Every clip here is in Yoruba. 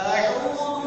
I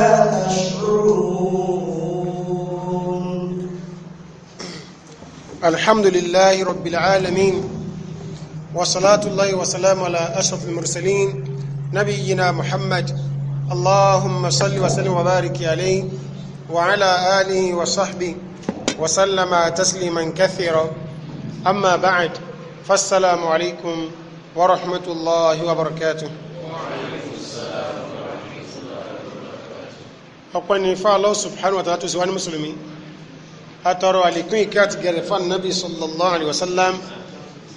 تشعرون الحمد لله رب العالمين وصلاة الله وسلام على أشرف المرسلين نبينا محمد اللهم صل وسلم وبارك عليه وعلى آله وصحبه وسلم تسليما كثيرا أما بعد فالسلام عليكم ورحمة الله وبركاته ọpẹ́ ni fún Allah subhanahu wa ta'ala tó sì wá ní mùsùlùmí àtọrọ àlékún ìkẹ́ àti gẹ̀rẹ̀ fún anábì sallallahu alayhi wa sallam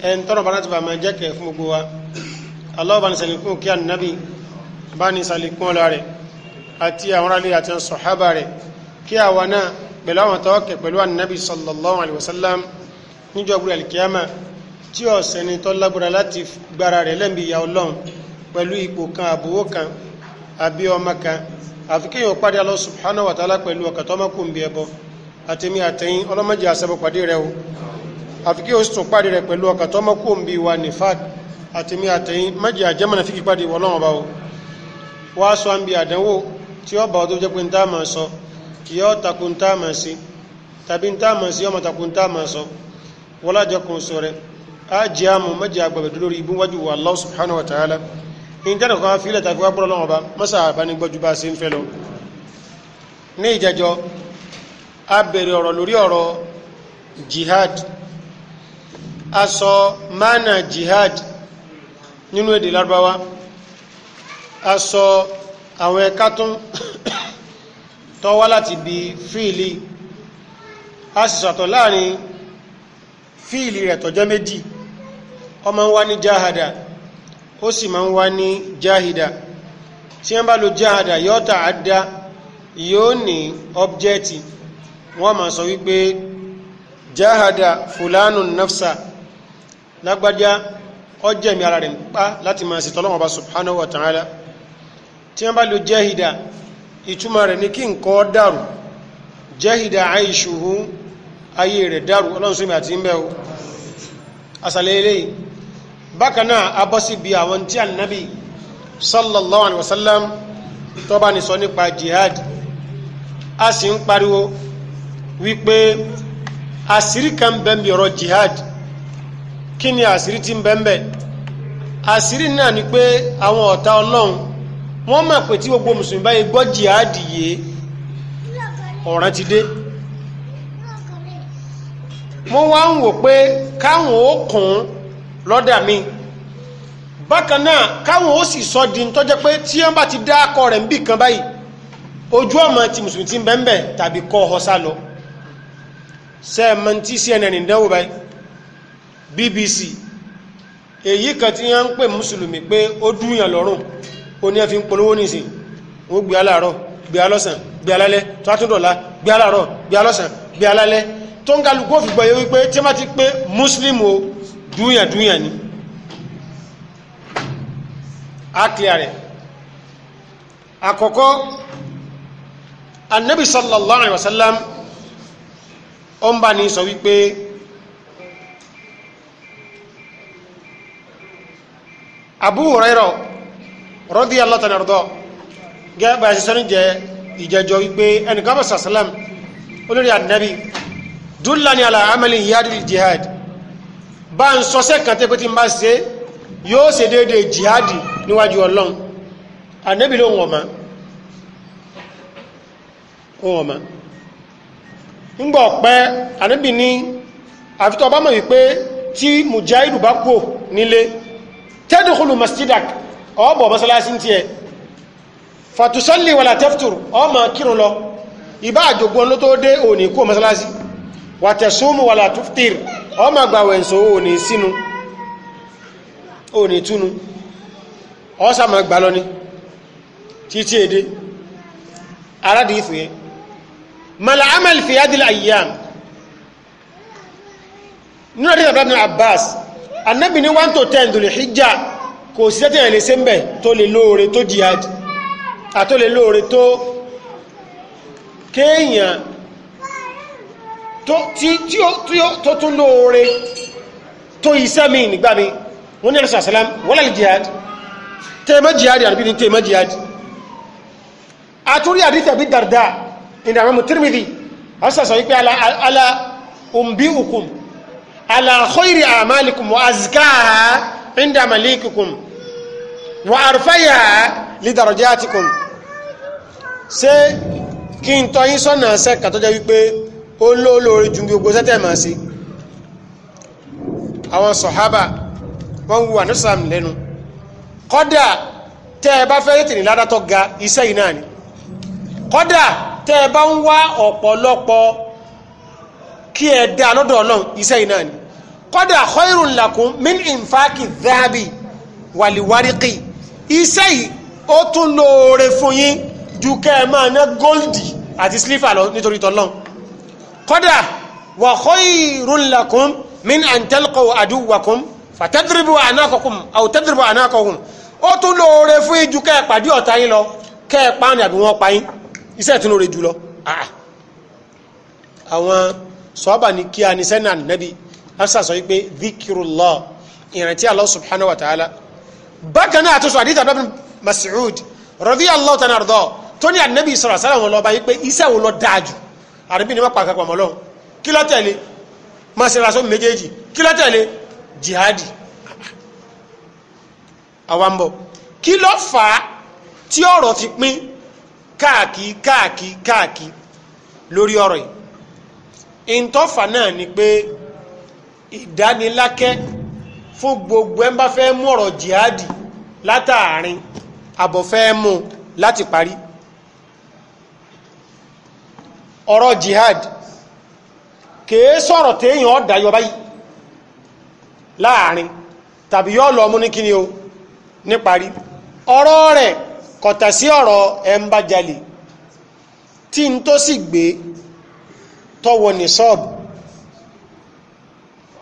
ẹn tọrọ bá láti bá máa jẹ́ kẹ̀ fún gbogbo wa Allah bá ní sàlékún kí anábì bá ní sàlékún ọlá rẹ̀ àti àwọn aráàlú àti sọ̀hábà rẹ̀ kí àwa náà pẹ̀lú àwọn tọ́ọ̀kẹ̀ pẹ̀lú anábì sallallahu alayhi wa sallam níjọ́ gbúrẹ̀ alìkíyàmà tí ọ̀sẹ̀ni tó lágbára láti gbára rẹ̀ lẹ́mìí ìyá ọlọ́run pẹ̀lú ipò kan àbúwó kan àbí ọmọ kan àfi kí èèyàn pàdé Allah subhanahu wa ta'ala pẹ̀lú ọkàn tó mọ́kùn bí ẹbọ àtẹ̀mí àtẹ̀yìn ọlọ́mọdé àṣẹbọ pàdé rẹ o àfi kí èèyàn sì tún pàdé rẹ pẹ̀lú ọkàn tó mọ́kùn bí wa nifaq àtẹ̀mí àtẹ̀yìn mọ́jì àjẹmọ́nà fíkì pàdé wọ́n náà bá o wá sọ à ń bi àdánwò tí ó bá ọdún jẹ́ pé subhanahu wa ìjẹ́nà kan fílẹ̀ tàbí wá bọ́rọ̀ lọ́wọ́ bá mọ́sà àbánigbọ́jú bá sí ń fẹ́ lọ ní ìjẹjọ́ a bèèrè ọ̀rọ̀ lórí ọ̀rọ̀ jihad a sọ mana jihad nínú èdè lárúbáwá a sọ àwọn ẹ̀ka tún tó wá láti bí fíìlì a sì sọ̀tọ̀ láàrin fíìlì rẹ̀ tó jẹ́ méjì ọmọ wa ní jahada ó sì máa ń wá ní jahida tí wọ́n bá lo jahada yóò tà á dá yóò ní ọbjẹ́tì wọ́n máa sọ wípé jahada fulanu nafsa lágbájá ọjẹ́mi ara rẹ̀ ń pa láti máa sìtọ́ lọ́wọ́ bá subhanahu wa ta'ala tí wọ́n bá lo jahida ìtumọ̀ rẹ̀ ní kí nǹkan dàrú jahida aishuhu ayé rẹ̀ dàrú ọlọ́run àti ń bẹ́ o asàlẹ̀ eléyìí bákanáà abọ́sí bí àwọn tí ànábì sallallahu alaihi wasallam tó bá ní sọ jihad a sì ń pariwo wípé ka kan bẹ́m̀bì ọ̀rọ̀ jihad kí ni àṣírí ti ń bẹ́m̀bẹ̀ náà ni pé àwọn ọ̀tá ọlọ́run wọ́n mọ̀ pé tí gbogbo mùsùlùmí báyìí gbọ́ jihad ti dé mo wá ń wò pé káwọn ó kùn lọ́dà mi bákan náà káwọn ó sì sọ di tó jẹ́ pé tí wọ́n bá ti dá akọ rẹ̀ ń bì kan báyìí ojú ọmọ ti mùsùlùmí ti ń bẹ́ẹ̀ bẹ́ẹ̀ tàbí kọ́ ọ sá lọ sẹ́ẹ̀mọ tí CNN ìdánwò báyìí BBC èyí kan tí wọ́n ń pè mùsùlùmí pé ó dúnyàn lọ́rùn ó ní ẹ fi ń polówó nìsín wọ́n gbé aláàárọ̀ gbé alọ́sàn gbé alálẹ́ tó á tún dọ̀la gbé aláàárọ̀ gbé alọ́sàn gbé alálẹ́ tó ń kálukú òfin gbọ́ yẹ wípé tí wọ́n ti pé mùsùlùmí o dúnyà dúnyà ni a clear rẹ̀ àkọ́kọ́ annabi sallallahu alaihi wasallam ó ń bá ní sọ wípé Abu Hurairah radiyallahu ta'ala anhu gẹ́gẹ́ bá ṣiṣẹ́ ní jẹ ìjẹjọ wípé ẹnìkan bá sàṣálàm olórí annabi dúnlá ala amali yadil jihad bá ń sọsẹ́ kan tẹ́ pé tí ń bá ṣe yóò ṣe déédéé jihadi níwájú ọlọ́run ànábì ló ń wọ̀n ma ó wọ̀n ma ńgbà ọ̀pẹ́ ànábì ní àfitọ́ ọba mọ̀ wípé tí mujahidu bá kú nílé tẹ́dùkúlù masjidak ọ̀bọ̀ masalasi ti ẹ̀ fàtúsọ́lì wàlà tẹ́fùtùrù ọmọ kírun lọ ìbá àjògbọ́n ló tó dé òní kú masalasi wàtẹ̀súmù wàlà tùftìrì ọmọ àgbàwẹ̀ ǹsọ ò ní sínú ò ní túnú ọ́sàmà gbà lọ ní títí èdè aládìí ìfòyẹ mala amal fi adìlá ayyam nínú àdíjà bàbá Abbas annabi ní 1 to 10 dùlẹ̀ hijjá kò sí tẹ́tẹ̀ lè ṣe ń tó lè lóore tó jihad àtó lè lóore tó kéèyàn tó tún lóore tó iṣẹ́ mi nígbà mi wọ́n ní ẹ̀rọ̀sà sàlám wọ́lá jihad tẹ́ẹ̀mọ́ jihad àbí ní tẹ́ẹ̀mọ́ jihad àtúrí àdífẹ́ àbí dàrdà ní àwọn mùtírmìdì ọ̀sàsà wípé ala umbi ukum wípé ó lóòlórí ju gbogbo sẹ́tẹ̀ máa sí àwọn sọ̀hábà wọ́n wu ànúsàm lẹ́nu kọ́dà tẹ́ ẹ bá fẹ́ tètè ní ládàtọ̀ ga iṣẹ́ yìí ni kọ́dà tẹ́ ẹ bá ń wá ọ̀pọ̀lọpọ̀ kí ẹ dá lọ́dọ̀ ọlọ́run iṣẹ́ yìí náà ni kọ́dà khairun lakum min infaki dhahabi wàlíwárìkì iṣẹ́ yìí ó tún lóore fún yín ju kẹ́ ẹ máa ná góòlì àti sílífà lọ nítorí tọ́lọ́run kọ́dà wà khayrun lakum min an talqaw aduwwakum fatadribu anaqakum aw tadribu anaqahum ó tún lóore fún ijú kẹ́ ẹ̀ pàdé ọ̀tá yín lọ kẹ́ ẹ̀ pa ni àbí wọ́n pa yín iṣẹ́ ìtún lóore jù lọ. àwọn sọ́ọ́bà ni kí a ní sẹ́nà nẹ́bí asa wípé dhikirullah ìrántí Allah subhanahu wa àríbí ni wọ́n pàkà pàmọ́ lọ́hùn kí ló tẹ̀lé máa ṣe raṣọ́ méjèèjì kí ló tẹ̀lé jihadi awambo, kí ló fà á tí ọ̀rọ̀ fi pín káàkì káàkì káàkì lórí ọ̀rọ̀ yìí ìntọ́fà náà ni pé ìdánilákẹ́ fún gbogbo ẹ̀ bá fẹ́ mú ọ̀rọ̀ jihadi látàárín àbọ̀fẹ́ mú láti parí ọ̀rọ̀ jihad kèé sọ̀rọ̀ téèyàn ọ̀dàyọ báyìí láàrin tàbí yọ́ lọ mú ní ni o níparí ọ̀rọ̀ rẹ̀ kọ̀tà sí ọ̀rọ̀ tí n tó sì gbé tọwọ́ ní sọ́ọ̀bù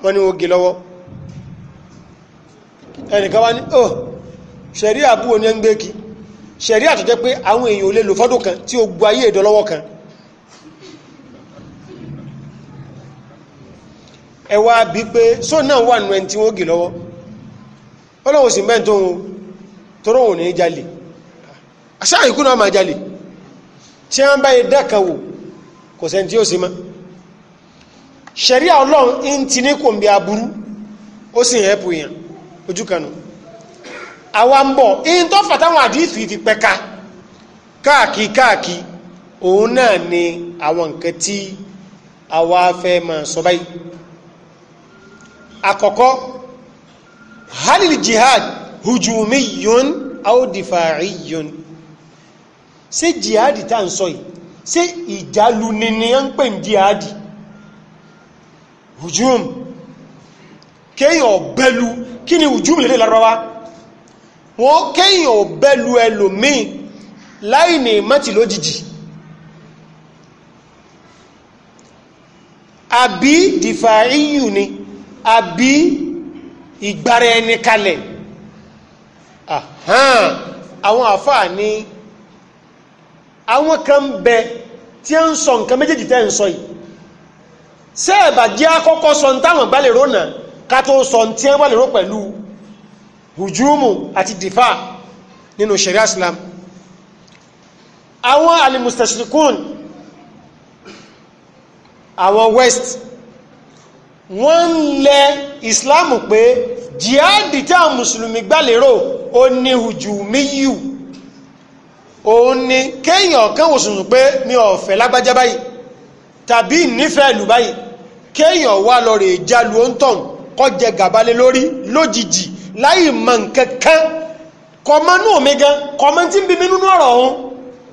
wọ́n ní oge lọ́wọ́ ẹnìkan wá oh, kan tí ó ayé ìdọ́lọ́wọ́ kan ẹwà bí pé só náà wà nù ẹni tí wọ́n gè lọ́wọ́ ọlọ́wọ́ sí mẹ́ntó ohun tóró òun ní jalè aṣáà ìkú náà máa jalè tí wọ́n bá yẹ dákàwò kò sẹ́ni tí ó sì kanu àwa ń bọ̀ in tó fàtàwọn àdífì fi káàkì káàkì òun náà ni àwọn nǹkan tí àwa sọ báyìí àkọ́kọ́ halil jihad hujumiyun audifariyun ṣé jihadi tá ń sọ yìí ṣé ìjálù nínú ń pè ní jihadi hujum kéèyàn bẹ́lu kí ni hujum lè lárọ́wá wọ́n kéèyàn bẹ́lu ẹlòmíì láì ní mọ́tì lójijì àbí dìfàíyù ni àbí ìgbára ẹni kalẹ̀ ah. àwọn àfáà ni àwọn kan bẹ tí ó ń sọ nǹkan méjèèjì tẹ́ ń sọ yìí sẹ́ẹ̀bà jẹ́ àkọ́kọ́ sọ ní táwọn gbálèrò náà ká tó sọ tí ó gbálèrò pẹ̀lú hùjúmù àti dìfà nínú sharia islam àwọn alimustashrikun àwọn west wọ́n ń lẹ ìsìláàmù pé jihadi tí àwọn mùsùlùmí gbàlérò ó ní ojú míyù òun ni kéèyàn kan wòsùnù pé mi ò fẹ́ lágbájá báyìí tàbí nífẹ̀ẹ́ ìlú báyìí kéèyàn wá lọ rè jalu ońtọ̀n kọjẹ gàbálẹ̀ lórí lójijì láì mọ nǹkan kan kọmọnú mi gan kọmọntì ń bí mi nínú ọ̀rọ̀ ọ̀hún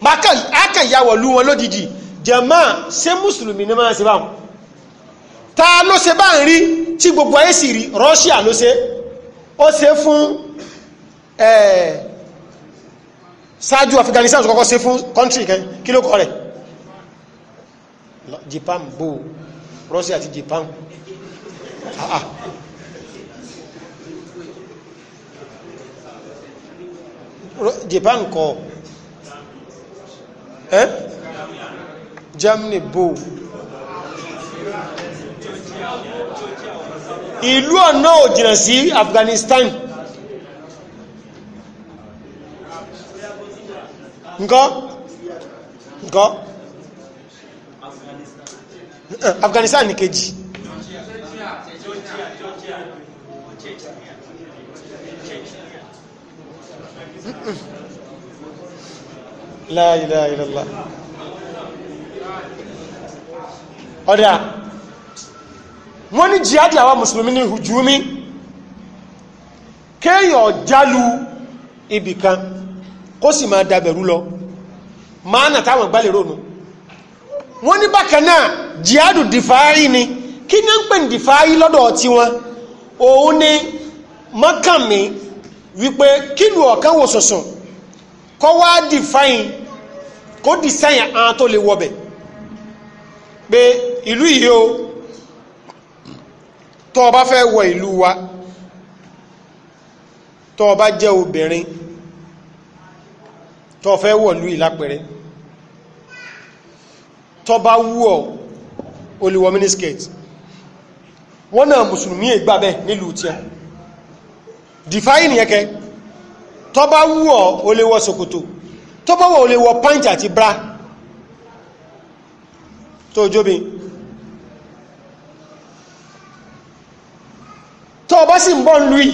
máa kà yà wọn lójijì jẹ̀mọ́ ṣé mùsùlùmí ni máa ṣe báwọn ta ló ṣe bá ń rí tí gbogbo ayé sì rí Russia ló ṣe ó ṣe fún ṣáájú Afghanistan kọ́kọ́ ṣe fún country kan kí ló kọ́ rẹ̀ Japan bò Russia àti Japan ah, ah. Japan kọ́ eh? Germany bò ìlú ọ̀nà ò jìnà sí Afghanistan ǹkọ́ ǹkọ́ eh, Afghanistan ní kejì la ilaha illallah ọ̀dá wọ́n ní jihadi àwọn mùsùlùmí ní hujumi kéèyàn jálu ibìkan kó sì máa dabẹ̀rú lọ máa nà táwọn gbálẹ̀ rónú wọ́n ní bákan náà jihadu dìfáàrí ni kí ní ń pè ní dìfáàrí lọ́dọ̀ tí wọn òun ni mọ́kànmí wípé kílù ọ̀kan wò sọ̀sùn kọ́ wá dìfáìn kó dìsáyìn àwọn tó lè wọbẹ̀ pé ìlú yìí o tó o bá fẹ́ wọ ìlú wa tó o bá jẹ́ obìnrin tó o fẹ́ wọ̀ lú ìlápẹ̀rẹ́ tó bá wú ọ̀ o lè wọ miniskirt wọ́n náà mùsùlùmí ìgbà nílùú tí a dìfáyìn yẹ́kẹ́ tó bá wú ọ̀ o lè wọ bá wọ̀ o pàǹtì àti bra tó jóbin tọ́ bá sì ń bọ́ lú ì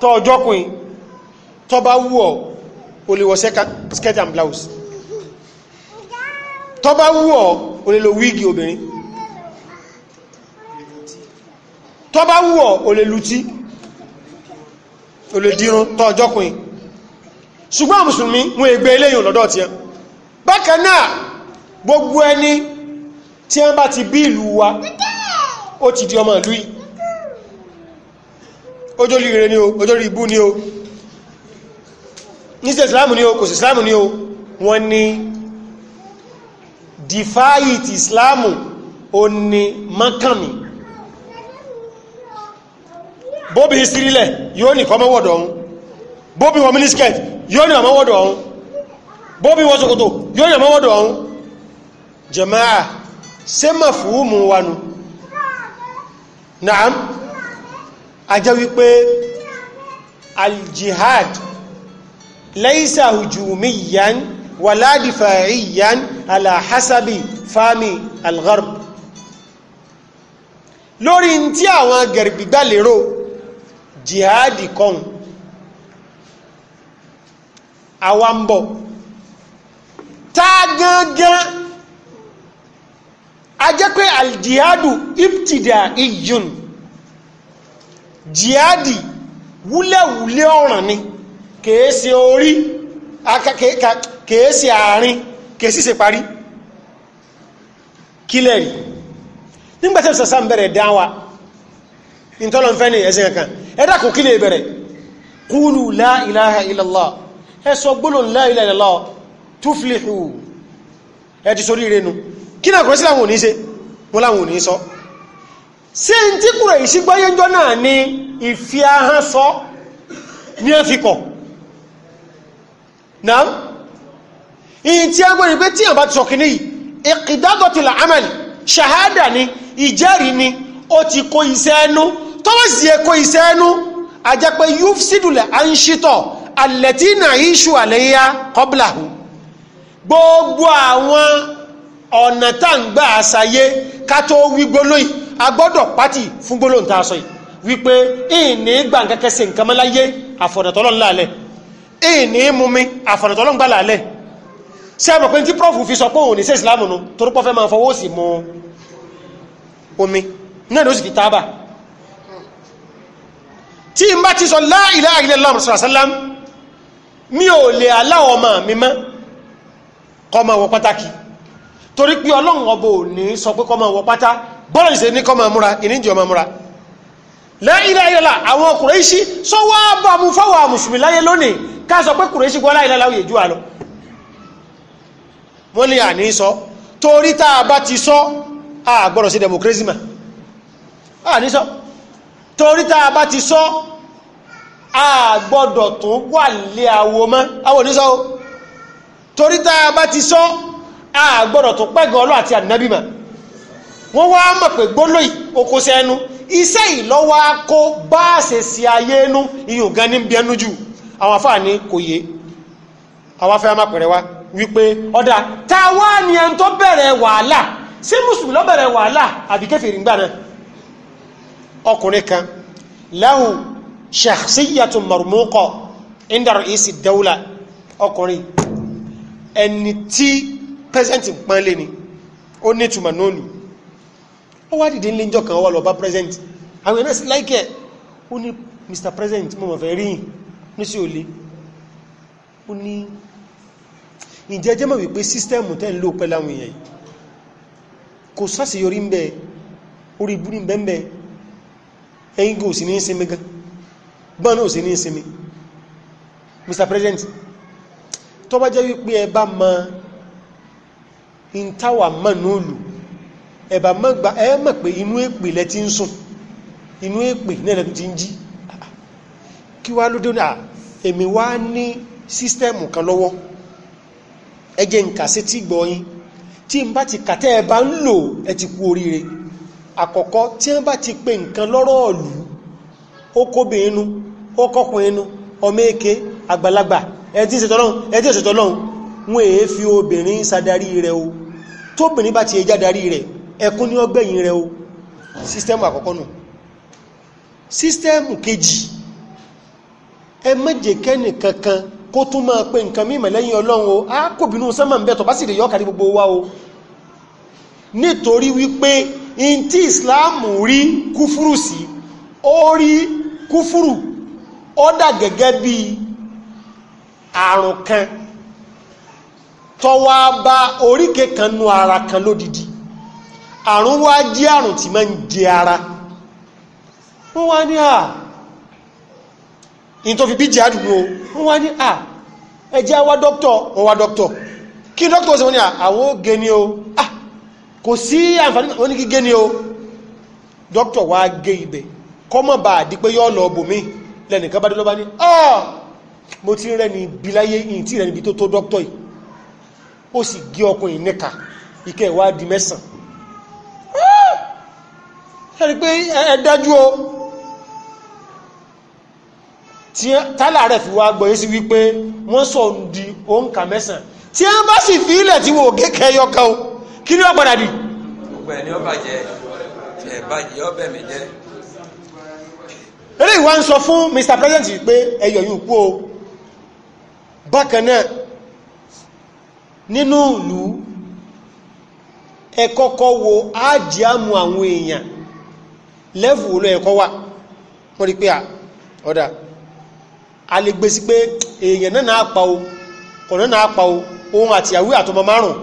tọ́ ọjọ́kùnrin tọ́ bá wù ọ́ o lè wọ skirt and blouse tọ́ bá wù ọ́ o lè lo wíìgì obìnrin tọ́ bá wù ọ́ o lè lutí o lè dírun tọ́ ọjọ́kùnrin ṣùgbọ́n mùsùlùmí wọn ègbé eléyìn lọ́dọ̀ tí ẹ bákan gbogbo ẹni tí wọ́n bá ti bí ìlú wa ó ti di ọmọ ìlú yìí ojórí ire ni o ojórí ibú ni o níṣẹ́ ìsìláàmù ni o kò sí ìsìláàmù ni o wọ́n ni dìfáyì ti ìsìláàmù ó ní mọ́kànmí bóbi sírílẹ̀ yóò ní kọmọ́wọ́dọ̀ ọ̀hún bóbi wọ mínísíkẹ̀t yóò ní ọmọ́wọ́dọ̀ ọ̀hún bóbi wọ ṣòkòtò yóò ní ọmọ́wọ́dọ̀ ọ̀hún jẹ̀máà sẹ́mà fúhùmù wanu naam a jẹ́ wípé aljihad laysa hujumiyan wala difa'iyan ala hasabi fami algharb lórí tí àwọn gẹ̀rẹ̀gbìgbà lérò jihadi kan àwa ń gangan a jẹ́ pé aljihadu ibtida iyun jihadi wúlẹ̀wúlẹ̀ ọ̀ràn ni kèé ṣe orí kèé ṣe àárín kèé sì ṣe parí kílẹ̀ rí nígbàtí ìsàsá ń bẹ̀rẹ̀ dáwà ìtọ́lọ̀fẹ́ ni ẹ̀sìn kankan ẹ̀dà kò kílẹ̀ bẹ̀rẹ̀ kúlù la ilaha illallah ẹ sọ gbólóhùn la ilaha illallah tuflihu ẹ ti sọ rí kí náà kọ́ sí àwọn òní ṣe wọ́n láwọn òní sọ ṣe ń tí kúrò ìṣígbọ́yẹ́jọ́ náà ni ìfi ahán sọ ní ẹ́fikọ̀ náà ìyìn tí a gbọ́ ni pé tí àbá ti sọ kìíní yìí ìkìdádọ̀tìlà amẹ́lì ṣàhádà ni ìjẹ́rìí ni ó ti kó iṣẹ́ ẹnu tọ́wọ́ sì yẹ kó iṣẹ́ ẹnu àjẹpẹ́ yúf sídùlẹ̀ à ń ìṣù àlẹ́yà kọ́bìlà gbogbo àwọn ọ̀nà tá ń gbà àṣàyé ká tó wí gbólóyìn a gbọ́dọ̀ pátì fún gbólóhùn tá a sọ yìí wípé ìní gbà ń kẹ́kẹ́ sí nǹkan mọ́láyé àfọ̀nàtọ́lọ́n lálẹ́ ìní mumi àfọ̀nàtọ́lọ́n gbà lálẹ́ ṣé àmọ̀ pé tí prof fi sọ pé òun ní sí ìsìlámù nu torí pọ́ fẹ́ máa fọwọ́ sí mu omi náà ló sì fi tábà tí n bá ti sọ la ilaha illallah sàlám mi ò lè aláwọ̀ ọmọ mi mọ́ kọ́ máa wọ pàtàkì torí pé ọlọ́run ọbọ̀ ò ní sọ pé kọ́ máa wọ pátá bọ́ọ̀lù ìṣe ní kọ́ máa múra ìníjì ọmọ múra láìláìlá àwọn Kùrẹ́ṣì sọ wá bá mú fáwọn mùsùlùmí láyé lónìí ká sọ pé Kùrẹ́ṣì gbọ́ láìláìlá òye jù àlọ́ wọ́n lè àní sọ torí tá a bá ti sọ a gbọ́dọ̀ sí democracy ma àní sọ torí tá a bá ti sọ a gbọ́dọ̀ tó wà lé àwọ̀ mọ́ àwọn oníṣọ́ torí tá a bá ti sọ àgbọ̀dọ̀ tó pẹ́gàn ọlọ́ àti ànábì mà wọ́n wá mọ̀ pé gbólóyì oko sẹ́nu iṣẹ́ ìlọ́wọ́ kó bá a ṣe ṣe ayé nu iyùn gan ní bíẹ́nu jù àwọn afáàní kò yé àwọn afẹ́ máa pẹ̀rẹ̀ wa wípé ọ̀dà tá a ẹni tó bẹ̀rẹ̀ wàhálà ṣé mùsùlùmí ló bẹ̀rẹ̀ wàhálà àbí kèfèrí ńgbà náà ọkùnrin kan lahu shakhsiyatu marmuqa inda ra'isi dawla ọkùnrin ẹni tí present pọ́nlé ni ó ní ìtumọ̀ nónù ó wá dìde nílé ìjọ kan wọ́n lọ bá present àwọn ẹ̀nà sí láìkẹ́ ó ní mr president mo mọ̀ fẹ́ rí yìn ní sí òlé ó ní ìjẹ́jẹ́ mọ̀ wípé sístẹ́mù tẹ́ ń lò pẹ́lú àwọn èèyàn kò sáàsì yorí ń bẹ orí ibú ní bẹ́ẹ̀ ẹ̀yìn gò sí ní ìsinmi gan gbọ́n náà sí ní ìsinmi mr president tó bá jẹ́ wípé ẹ bá máa ìntàwà mọ̀núùlù ẹ̀bà mọ́gbà ẹ mọ̀ pé inú èpè lẹ ti ń sùn inú èpè náà lẹ́tún ti ń jí kí wá ló dé náà èmi wá ní sísítẹ́ẹ̀mù kan lọ́wọ́ ẹ nǹkan sí tí gbọ́ yín tí n bá ti kàtẹ́ ẹ bá ń lò ẹ ti kú oríire àkọ́kọ́ tí wọ́n bá ti pe nǹkan lọ́rọ̀ ọ̀lú ó kóbìnrin nu ó kọkùnrin nu ọmọ èké àgbàlagbà ẹ ti ṣètọ́lọ́hún ẹ ti ṣètọ́lọ́hún wọn èé fi obìnrin rẹ o. tóbìnrin bá ti ẹjá darí rẹ̀ ẹkún ní ọgbẹ̀yìn rẹ̀ o sístẹ́mù àkọ́kọ́ nù sístẹ́mù kejì ẹ mẹ́jẹ̀ kẹ́nì kankan kó tún máa pé nǹkan mímọ̀ lẹ́yìn ọlọ́run o a kò bínú sánmà ń bẹ́ tọ́ bá sì lè yọ́ kàrí gbogbo wa o nítorí wípé in tí ìsìláàmù rí kúfúrú sí ó rí kúfúrú ó dà gẹ́gẹ́ bí àrùn kan tọwọ́ bá oríkè kan nu ara kan lódìdí àrùn wá jẹ́ àrùn tí máa ń jẹ ara wọ́n wá ní à ní tó fi bí jẹ́ àdúgbò wọ́n wá ní à ẹjẹ́ wá dọ́kítọ̀ wọ́n wá dọ́kítọ̀ kí dọ́kítọ̀ sí wọ́n ní àwọn oge ni o ah kò sí àǹfààní wọ́n ní gígé ni o dọ́kítọ̀ wá gé ibẹ̀ kọ́mọ̀ bá àdí pé yọ́ lọ bòmí lẹ́nìkan bá dé lọ́bá ní ah mo ti rẹ́ ni bí láyé ìyìn tí rẹ̀ níbi tó tó dọ́kítọ̀ yìí ó sì gé ọkùnrin níka ìkẹ́ ìwà mẹ́sàn ah! ẹ̀rí pé ẹ o tí tálà rẹ̀ fi wá gbọ́ yé sí wípé wọ́n sọ di òǹkà mẹ́sàn tí wọ́n bá sì fi ilẹ̀ tí wọ́n ò gé o kí ni wọ́n padà di. gbogbo ẹ̀ ni ó bàjẹ́ ẹ̀ bàjẹ́ ọbẹ̀ mi jẹ́ eré ìwà ń sọ fún Mr President pé ẹyọ yìí kú o bákan náà nínú ìlú ẹ wo áàjì àwọn èèyàn lẹ́fù ló ẹ̀kọ́ wà wọ́n rí pé à a lè gbé sí pé èèyàn náà náà ohun àtìyàwó àtọmọ márùn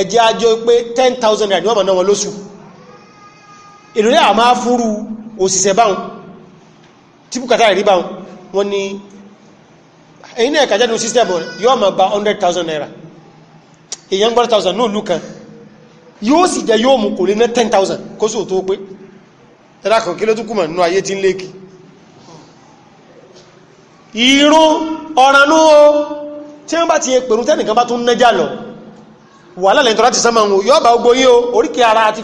ẹjẹ́ ajọ́ pé ten thousand naira ni náà wọn lóṣù èlò àmá fúrú òṣìṣẹ́ báhùn tí bùkátà rí báhùn wọ́n ní ẹ̀yìn náà kàjáde system yóò mọ̀ gba hundred naira èèyàn gbọ́dọ̀ thousand náà lù kan yóò sì jẹ yóò mú kò lè ná ten thousand kó sì ò tó pé tẹ́lá kan kí ló tún kùmọ̀ nínú ayé tí ń léèkì ìrún ọ̀rànú o tí wọ́n bá ti pèrún tẹ́nìkan bá tún nẹ́jà lọ wàhálà lẹ́ntọ́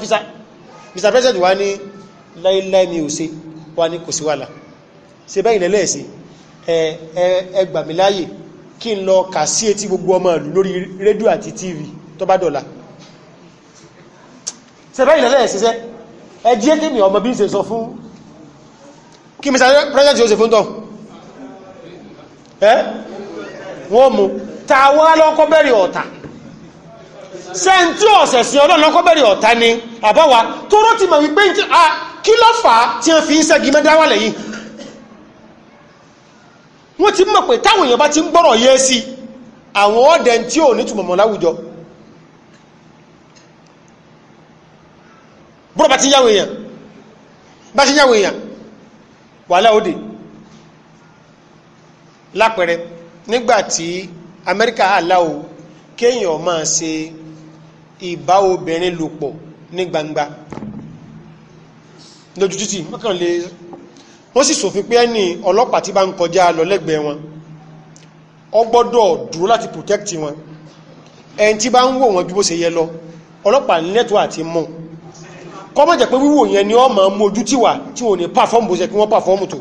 fisa mr president wá ní láíláí mi ò ṣe wá ní kò sí wàhálà ṣe kí n lọ kà sí etí gbogbo ọmọ ìlú lórí rédíò àti tv tó bá dọ̀la sẹ́fẹ́ ìlẹ́lẹ́ ẹ̀sẹsẹ́ ẹjí ẹ́kẹ́mì ọmọ bí n ṣe sọ fún kí mr president joseph ń tọ́ ẹ́ wọ́n mú tàwọn alọ́kọ́ bẹ̀rẹ̀ ọ̀tà sẹ́ntí ọ̀sẹ̀ sí ọlọ́run lọ́kọ́ bẹ̀rẹ̀ ọ̀tá ni àbáwa tó rọ́ ti mọ̀ wípé kí lọ́fà tí wọ́n fi ń sẹ́gi mẹ́dáwà lẹ́yìn wọ́n ti mọ̀ pé táwọn èèyàn bá ti ń gbọ́rọ̀ yé sí àwọn ọ̀dẹ̀ tí ò ní túnmọ̀mọ̀ láwùjọ bọ́rọ̀ bá ti yáwó èèyàn bá ti yáwó èèyàn wàhálà òde lápẹẹrẹ nígbàtí Amẹ́ríkà aláwo kéèyàn máa ṣe ìbá obìnrin lòpọ̀ ní gbangba lójú títì mọ́kànlélẹ́ wọ́n sì ṣòfin pé ẹni ọlọ́pàá tí bá ń kọjá lọ lẹ́gbẹ̀ẹ́ wọn ó gbọ́dọ̀ dúró láti protect wọn ẹni tí bá ń wò wọn bí bó ṣe yẹ lọ ọlọ́pàá lẹ́tọ́ àti mọ́ kọ́mọ̀ pé wíwò yẹn ni ọmọ mojú tí wà tí ò ní pàfọ́m bó ṣe kí wọ́n pàfọ́m tó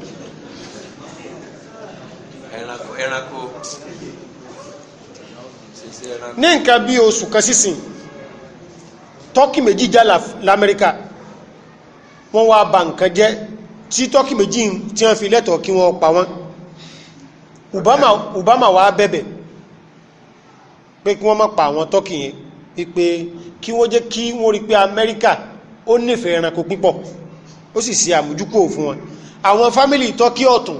ní nǹkan bí oṣù kan sísìn tọ́kì méjì já lamẹ́ríkà wọ́n wá ba nǹkan jẹ́ tí tọ́kì méjì tí wọ́n fi lẹ́tọ̀ọ́ kí wọ́n pa wọ́n Obama Obama wá bẹ̀bẹ̀ pé kí wọ́n má pa àwọn tọ́kì yẹn wípé kí wọ́n jẹ́ kí wọ́n rí pé Amẹ́ríkà ó nífẹ̀ẹ́ ẹranko púpọ̀ ó sì ṣe àmójúkò fún wọn àwọn fámìlì tọ́kì ọ̀tún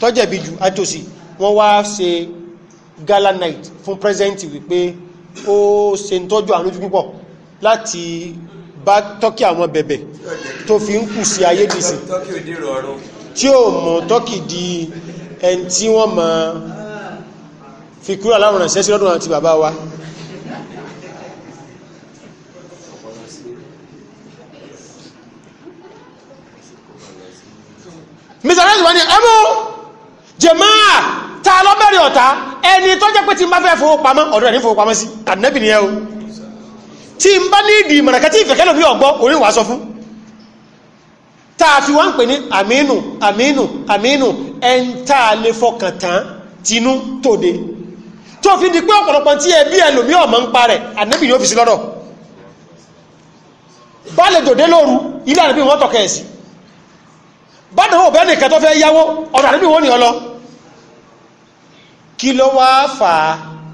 tọ́jẹ̀bi jù àtòsí wọ́n wá ṣe gala night fún pírẹsẹ̀ntì wípé ó ṣe ń tọ́jú àlójú púpọ̀ láti bá tọ́kì àwọn bẹ̀bẹ̀ tó fi ń kù sí ayé dìsí tí ó mọ̀ tọ́kì di ẹni tí wọ́n mọ̀ fi kúrò aláwọ̀n rẹ̀ sí lọ́dún àti bàbá wa mr rez wọ́n ni ẹmú jẹmáà ta lọ́bẹ̀rẹ̀ ọ̀ta ẹni tó jẹ́ pé ti máa fẹ́ fowópamọ́ ọ̀dọ̀ ẹ̀ ní fowópamọ́ sí àdínẹ́bì ni ẹ o tí n bá ní ìdí ìmọ̀ràn kẹtí ìfẹ̀kẹ́ lómi ọ̀gbọ́ orin wà sọ fún tá a fi wá ń pè ní àmínú àmínú àmínú ẹn tá a lè fọkàn tán tinú tòde tó fi di pé ọ̀pọ̀lọpọ̀ tí ẹbí ẹlòmí ọ̀mọ́ ń pa rẹ̀ ànábì ni ó fi sí lọ́dọ̀ bá lè dòde lóru ilé ànábì wọn tọkẹ ẹ̀sì bá dàbọ̀ ọ̀bẹ nìkan tó fẹ́ yáwó ọ̀dọ̀ ànábì wọn ni ọ kí ló wá fà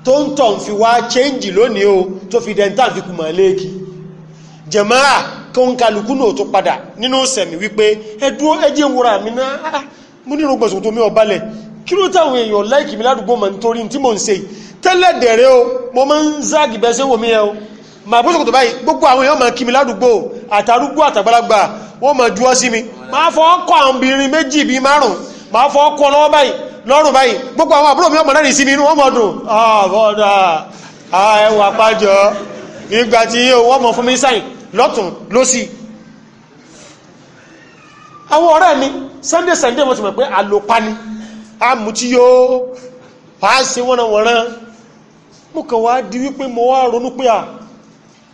tó ń tọ̀ ń fi wá change lónìí o tó fi dẹ̀ntà fi kùmọ̀ léèkì jẹ̀máà kó ń kálukú náà tó padà nínú sẹ̀mí wípé ẹdúró ẹjẹ́ wúra mi náà ah, ah, mo ní irun gbọ̀nsùn tó mi ọ̀balẹ̀ kí ló táwọn èèyàn láìkì mi ládùúgbò mọ̀ nítorí tí mò ń ṣe tẹ́lẹ̀ dẹ̀rẹ́ o mo máa ń záàgì bẹ́ẹ̀ sẹ́wọ̀n mi yẹn o màá bó sòkòtò báyìí gbogbo àwọn èèyàn máa kí mi ládùúgbò àtàrúgbó àtàgbàlagbà wọ́n máa juwọ́ sí mi máa fọ́ ọkọ̀ àwọn obìnrin méjì bíi márùn-ún máa fọ́ ọkọ̀ lọ́wọ́ báyìí lọ́rùn báyìí gbogbo àwọn àbúrò mi ọmọ náà sí mi inú wọn mọ̀dùn àbọ̀dà ah, ẹwà pàjọ ìgbà tí wọ́n mọ̀ fún mi sáyìn lọ́tún lọ́sí àwọn ọ̀rẹ́ mi sunday sunday mo ti mọ̀ pé àlòpani àmùtí yóò pàṣẹ wọ́nàwọ̀nà mo kàn wá di wípé mo wá ronú pé à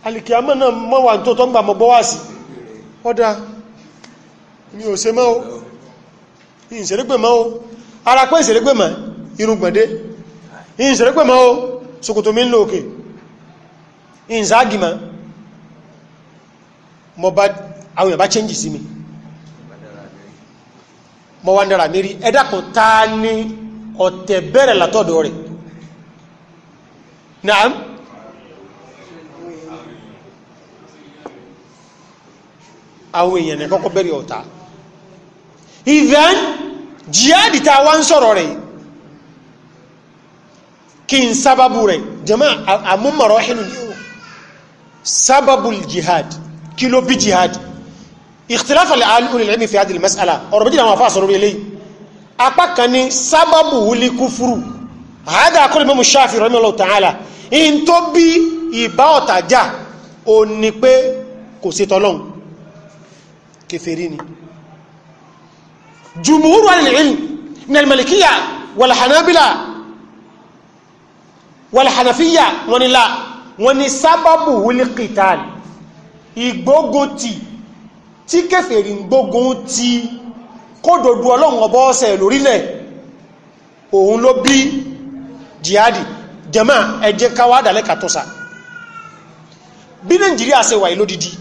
alìkìyàmọ́ náà mọ́ wà tó tọ́ ń gbà mọ́ gbọ́ wá sí ọ̀dà mi ò ṣe mọ́ o ìṣẹ̀rẹ́gbẹ̀ mọ́ o ara pé ìṣẹ̀rẹ́gbẹ̀ mọ́ irúgbọ̀ndé ìṣẹ̀rẹ́gbẹ̀ mọ́ o ṣòkòtò mi ń lò òkè ìṣàgìmọ́ mọ́ bá àwọn ìyàbá change sí mi mọ́ wá ń dára mérí ẹ̀dàkùn ta ní ọ̀tẹ̀ bẹ̀rẹ̀ látọ̀dọ̀ ìvẹ́n jihadi ta wá ń sọ̀rọ̀ rẹ̀ kí n sábàbù rẹ̀ jẹ́mọ́ àmúmọ̀rọ̀ hìlú ní sábàbù jihad kí ló bí jihad ìtìláfà alìlẹ́mì fi adìl mas'ala ọ̀rọ̀ méjì àwọn afáàsọ̀rọ̀ rí eléyìí apá kan ní sábàbù wuli kúfúrù àádá akọ́lẹ̀ mọ́mú Shafi kò sí tọ́lọ́hun kèfèrí ni جمهور أهل العلم من الملكية والحنابلة والحنفية wọ́n ní لا wọ́n ní سببه القتال ìgbógun ti tí kèfèrí ń gbógun ti kódòdó ọlọ́run ọba ọ̀sẹ̀ lórílẹ̀ òun ló bí jihadi jẹ́mà ẹjẹ́ káwà dálẹ́ kàtọ́sà bí Nàìjíríà ṣe wà ìlódìdí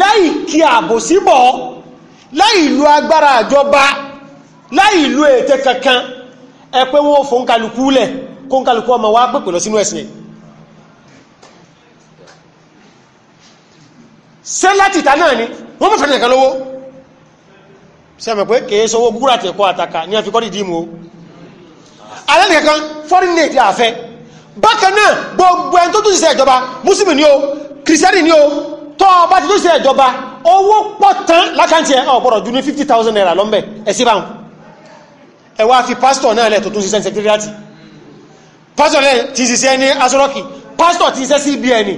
láì kí ààbò síbọ̀ láì lo agbára àjọba láì lo ète kankan ẹ pé wọ́n fò ń kálukú lẹ̀ kó ń kálukú ọmọ wa pèpè lọ sínú ẹ̀sìn ṣé láti ìta náà ni wọ́n mọ̀ fẹ́rẹ̀ nìkan lówó ṣe mọ̀ pé kèé sọ owó búrà tẹ̀kọ́ àtàkà ní àfikọ́ dìdí mu o alẹ́ nìkan foreign aid àfẹ́ bákan náà gbogbo ẹni tó tún ṣiṣẹ́ ìjọba mùsùlùmí ni o kìrìsìtẹ́nì ni o tọ́ ọba ti tún ṣiṣẹ́ owó pọ̀ tán lákàntí ẹ̀ ọ̀pọ̀rọ̀ jù ní 50,000 naira lọ́mbẹ̀ ẹ̀sí báhùn ẹwà fi pastor náà lẹ̀ tó tún ṣiṣẹ́ Pastor pásítọ̀ lẹ̀ ti ṣiṣẹ́ ní asọ́rọ́kì pásítọ̀ ti ṣiṣẹ́ CBN e.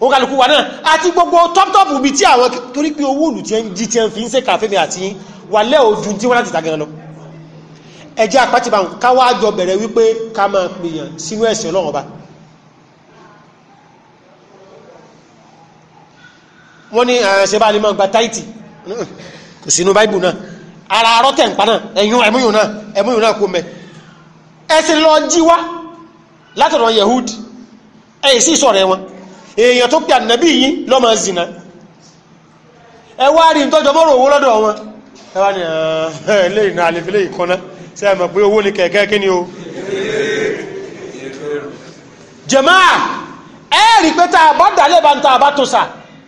òun kàlùkù wà náà àti gbogbo tọ́pítọ́pù bí tí àwọn torí pé owó olù tí ń jí tí ń fi ń ṣe kàfẹ́ mi àti wà lẹ́ ojú tí wọ́n láti tàgẹ́ wọ́n ní eh, ṣe bá lè máa gba táìtì kò sínú báìbù náà ara arọ́ tẹ̀ ń pa náà ẹ̀yún ẹ̀múyùn náà ẹ̀múyùn náà kò mẹ́ ẹ̀sìn lọ jí wá látọ̀dọ̀ yehud ẹ̀yìn sí ìsọ̀rọ̀ wọn èèyàn tó pe ànábì yín lọ́mọ zina ẹ wá rí tọ́jọ́ mọ́rọ̀ owó lọ́dọ̀ wọn ẹ wá ní eh, eh, eléyìí náà àlefẹ́ lè kọ́ná pé owó ni kẹ̀kẹ́ kí ni o jàmáà ẹ̀ẹ́rì pé tá a bá ń ta àbá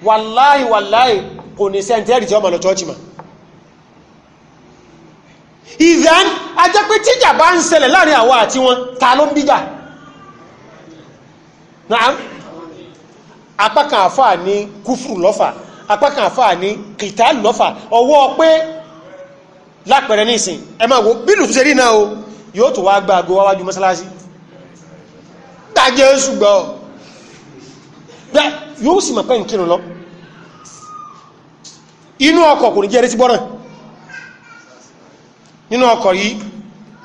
wàláì wàláì kò ní sẹ́ntẹ́rì tí ó mọ̀ lọ chọ́ọ̀chì mọ̀ ìdán ajẹ́ pé tíjà bá ń ṣẹlẹ̀ láàrin àwa àti wọn ta ló ń bíjà naam apákan àfà ní kúfùrù lọ́fà apákan àfà ní kìtàlù lọ́fà ọwọ́ pé lápẹẹrẹ nísìn ẹ máa wo bílù tó ṣe rí náà o yóò tó wá gba àgọ́ wáwájú mọ́sálásí tàjẹ́ ṣùgbọ́n yóò sì mọ̀ pẹ́ ń kírun lọ inú ọkọ̀ kò ní jẹ́ ẹrẹ́sí gbọ́ràn nínú ọkọ̀ yìí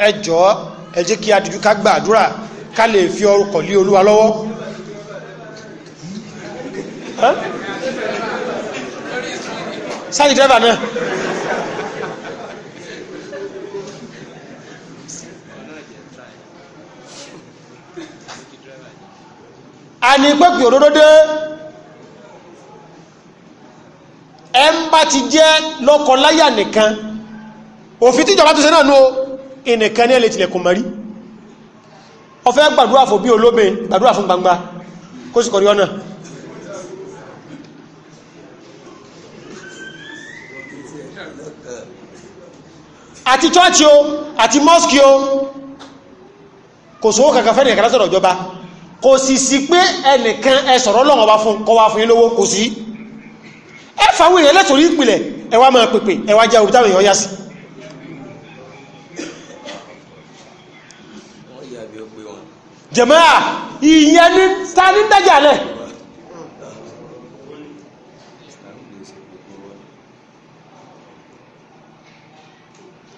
ẹjọ́ ẹ jẹ́ kí adìjú ká gbàdúrà ká lè fi ọkọ̀ lé olúwa lọ́wọ́ sáàdì dẹ́bà náà a ní pẹ́pẹ́ òdòdó dé ẹ ń bá ti jẹ́ lọ́kọláya nìkan òfin tíjọba tó ṣe náà nú ìnìkan ní ẹ̀lẹ́ tilẹ̀kùn mọ́rí ọfẹ́ gbàdúrà fò bí olóbin gbàdúrà fún gbangba kó sì kọ̀rí ọ̀nà àti chọ́ọ̀chì o àti mọ́sùkì o kò sówó kankan fẹ́ nìkan lásọ̀rọ̀ ìjọba kò sì sí pé ẹnìkan ẹ sọ̀rọ̀ lọ́wọ́ wá fún kọwàá fún yín lówó kò sí ẹ fàwọn èèyàn lẹ́tòrí ìpìlẹ̀ ẹwà máa pèpè ẹwà jẹ́ òbí táwọn èèyàn yá sí jẹ̀máà ìyẹn ní ta ní dájà lẹ̀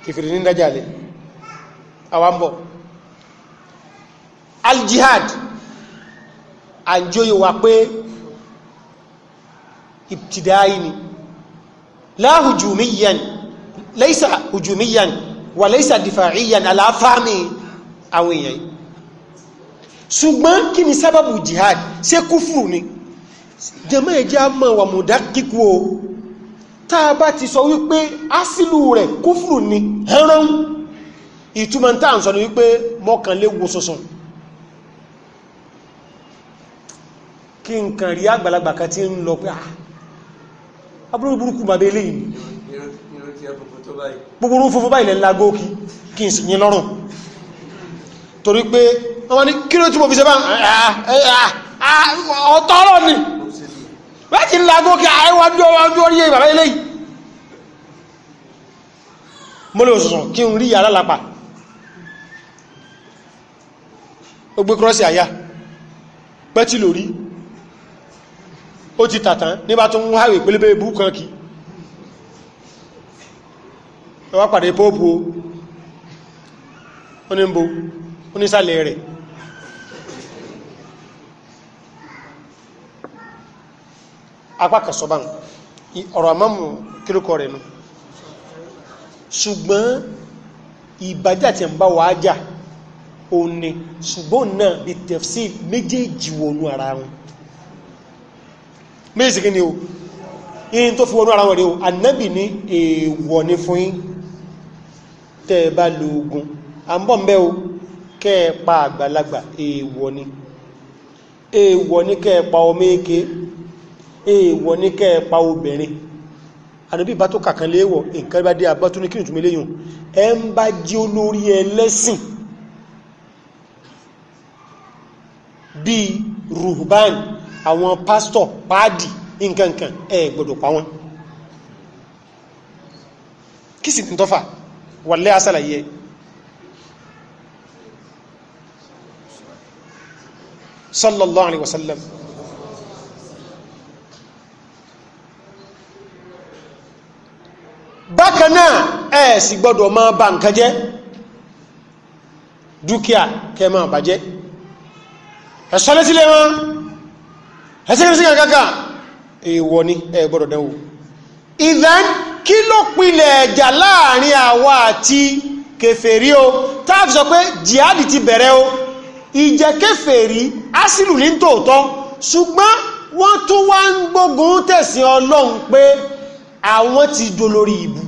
kìfìrì ní dájà lẹ̀ àwọn bọ̀ aljihad àjòyè pé ibtidai ni la hujumiyan laysa hujumiyan wa laysa difa'iyan ala fahmi àwọn èèyàn ṣùgbọ́n kí ni sábàbù jihad ṣe kúfùrù ni jẹmọ́ ẹjẹ́ mọ̀ wà mọ̀dá kíkú o táa bá ti sọ wípé asìlú rẹ̀ kúfùrù ni ẹran ìtumọ̀ táà ń sọ ni wípé mọ́kànléwu sọ̀sọ̀ kí n kàn rí àgbàlagbà kan tí ń lọ pé ah abúrú burúkú bàbá ilé yìí gbogbo fúnfún báyìí lẹ́la gókí kí n sì yín lọ́rùn torí pé wọ́n ní kí ló tí mo fi ṣe bá ọ̀tọ́rọ̀ ni wọ́n ti ńlá gókí àríwájú orí bàbá ilé yìí mo lè òṣùṣùn kí n rí yàrá ó gbé kírọ́sì àyà pẹ́tì lórí ó ti tàtàn nígbà tó ń wáwè pélébé bú kan kí wá pàdé pópù ó ní ń bo ó ní sàlẹ̀ rẹ̀ apákan sọ́bàn ọ̀rọ̀ àmọ́mù kírókọ rẹ̀ nù ṣùgbọ́n ìbájá tí ń bá wà ájá òní ṣùgbọ́n náà bí tẹ̀fsí méjèèjì wọnú ara wọn méjì sí kí ni o in tó fi wọnú ara wọn rí o ànábì ní èèwọ̀ ni fún yín tẹ́ ẹ bá lo ogun à ń bọ̀ ń bẹ́ o kẹ́ àgbàlagbà èèwọ̀ ni èèwọ̀ ni kẹ́ ẹ pa ọmọ èké èèwọ̀ ni kẹ́ obìnrin ànábì bá tó kàkan léèwọ̀ ruhban àwọn pásítọ̀ páàdì nkankan ẹ gbọ́dọ̀ pa wọn kí sì ní tọ́fà wàlẹ́ asàlàyé ẹ sallallahu alaihi wasallam bákan náà ẹ sì gbọ́dọ̀ máa bà nǹkan jẹ́ dúkìá kẹ máa bàjẹ́ ẹ̀ṣọ́lẹ́sílẹ̀ wọn ẹ̀sẹ̀rẹ̀ sí kàkàkà èèwọ̀ ni ẹ gbọ́dọ̀ dánwò ìdán kí ló pilẹ̀ ẹ̀jà láàrin àwa àti kèfèrí o táàfi sọ pé jihadi ti bẹ̀rẹ̀ o ìjẹ kèfèrí asìlù ní tòótọ́ ṣùgbọ́n wọ́n tún wá ń gbógun tẹ̀sìn ọlọ́run pé àwọn ti dolórí ibu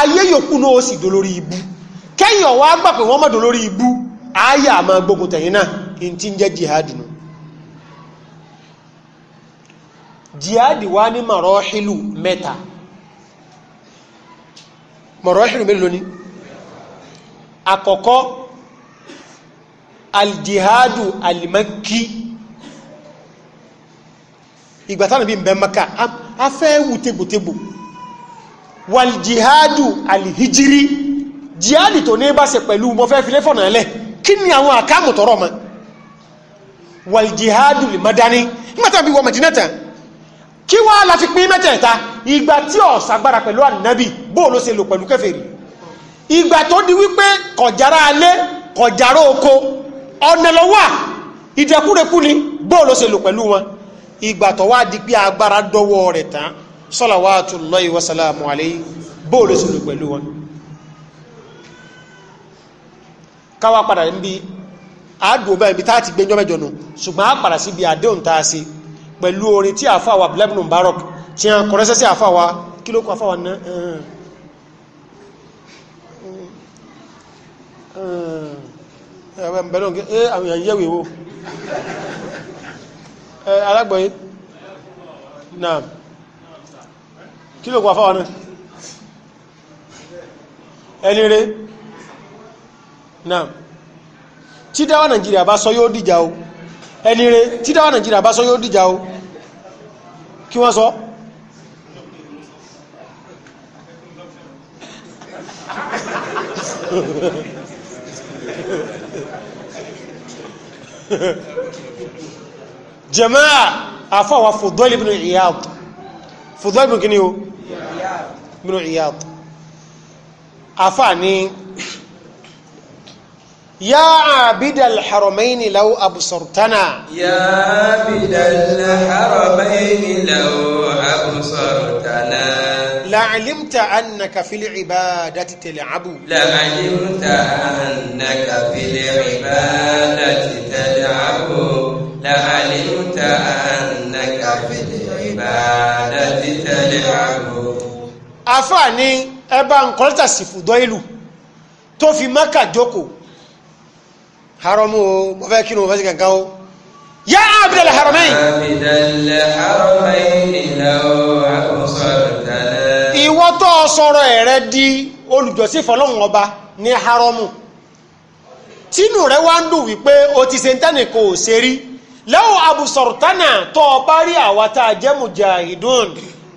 ayé yòókù náà sì dolórí ibu kẹ́yìn ọ̀wá gbà wọ́n mọ̀ dolórí ibu ayé àmọ́ gbógun tẹ̀yìn náà ní ń jẹ́ jihadi nù jihadi wá ní mọ̀rọ̀hìlù mẹ́ta mọ̀rọ̀hìlù mélòó ni àkọ́kọ́ aljihadu alimaki ìgbàtánà bí bẹ maka a fẹ́ wù waljihadu alihijiri jihadi tó ní bá ṣe pẹ̀lú mọ́ fẹ́ filé fọ̀nà kí ni àwọn àkámù tọrọ mọ́ waljihadu limadani nígbàtà bí wọ́n mẹ́jìnẹ́tàn kí wá láti pín mẹ́tẹ̀ẹ̀ta ìgbà tí ó ṣagbára pẹ̀lú ànábì bóò ló ṣe lò pẹ̀lú kèfèrí ìgbà tó di wípé kọjára alé kọjára oko ọ̀nà lọ́wọ́ ìdẹkúrekú ni bóò ló ṣe lò pẹ̀lú wọn ìgbà tó wá di pé agbára dọ́wọ́ rẹ̀ tán salawatullahi wa salamu alayhi bóò ló ṣe lò pẹ̀lú wọn káwá padà níbi àádùn ọba ibi tá ti gbẹjọ́ mẹ́jọ nù ṣùgbọ́n a padà síbi àdéhùn tá a ṣe pẹ̀lú orin tí àfáwà abúlẹ́bùnù barok tí a kọ̀rẹ́sẹ́ sí àfáwà kí ló kọ àfáwà náà ẹ̀rẹ̀mbẹ̀lọ́n gẹ́ ẹ́ àwọn èèyàn yẹ́wẹ̀ wo alágbọ̀nyí náà kí ló kọ àfáwà náà ẹni rẹ̀ náà tí dáwà nàìjíríà bá ẹni rẹ tí dáwà nàìjíríà bá sọ yóò dìjà o kí wọ́n sọ jama'a àfọwà Fudail ibn Iyad Fudail ibn kí ni o ibn Iyad àfà ní يا عابد الحرمين لو أبصرتنا يا عابد الحرمين لو أبصرتنا لعلمت أنك في العبادة تلعب لعلمت أنك في العبادة تلعب لعلمت أنك في العبادة تلعب أفاني أبان قلت سفو دويلو توفي مكة جوكو haramu o mo fẹ́ kinu mo fẹ́ ṣe kankan o ya abidal haramain. abidal haramain lawo akusọtala. ìwọ tó sọ̀rọ̀ ẹrẹ di olùjọsìn fọlọ́hún ọba ní haramu tínú rẹ wá ń dùn wípé o ti ṣe ń tẹ́nì kò ṣe rí lawo abusọ̀rọ̀tánà tó o bá rí àwa tá a jẹ́ mujahidun